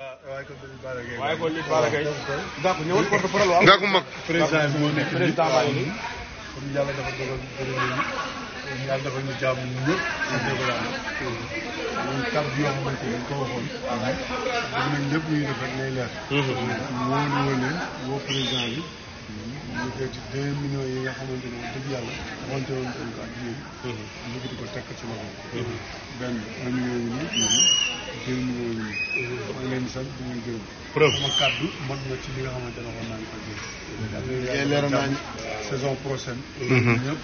waaye kon li Balla Gaye Gackou ñëwal porte parole waaw Gackou mag président bi moo nekk président baa ngi nii comme yàlla dafa dogal bëri yàlla dafa ñu jàmm ñëpp dégg naa ñu kàddu yoo xamante ni ko waxoon dëgg nañ ñëpp ñuy def rek lay leer woo lu woo leen woo président bi ñu koy ci deux millions yi nga xamante ne wax dëgg yàlla waxante woon ko ak yéen ñu ko tekk ci loxo benn un million yi nii deux millions ñuy soñ di ñuy gërëm. preuve sama kàddu mën na ci li nga xamante ne waxoon naa ko saison prochaine. ñëpp.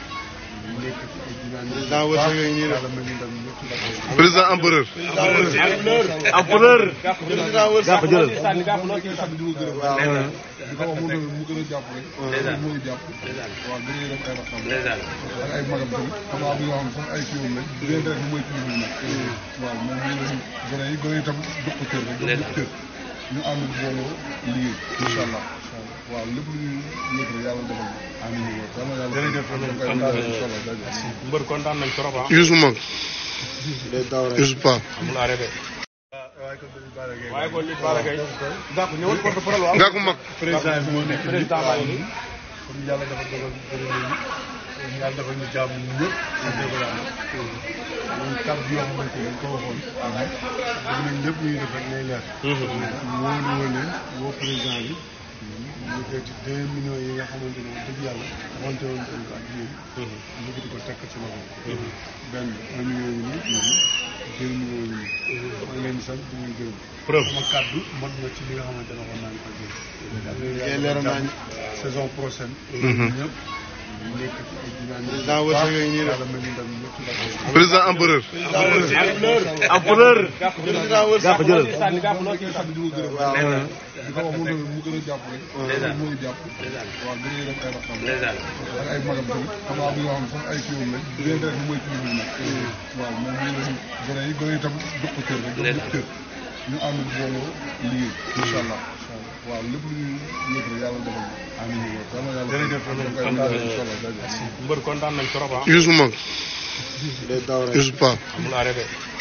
président wasa yooyu ñuy def président empereur. empereur empereur. di ko wax mu mu gën a jàpp rek. mooy jàpp. waaw a def ay raxam. ak ay magam tamit xam nga am yoo a a itam jox ko waaw lépp lu kontaan nañ trop ah. Youssou Mag. Youssou Pape. amul arrêté. waaye kon li Balla Gaye. Gakou ñëwal ñu yëkkati deux millions yi nga xamante ne dëgg yàlla wante woon nañ ko ak yéen. Mhm. ñu yëkkati ko tekk ci loxo bi. Mhm. benn un million yu nii mhm. deux millions yu nii. maa ngi leen di sant di leen gërëm. preuve ma kàddu na ci li nga xamante ne waxoon naa ko ak saison prochaine. ñëpp. président empereur. empereur. ñu ànd booloo liggéey. incha allah waaw lépp lu ñuy yëg yàlla defal jërëjëf mbër kontaan nañ trop ah. Youssou Mag Youssou Pape. amul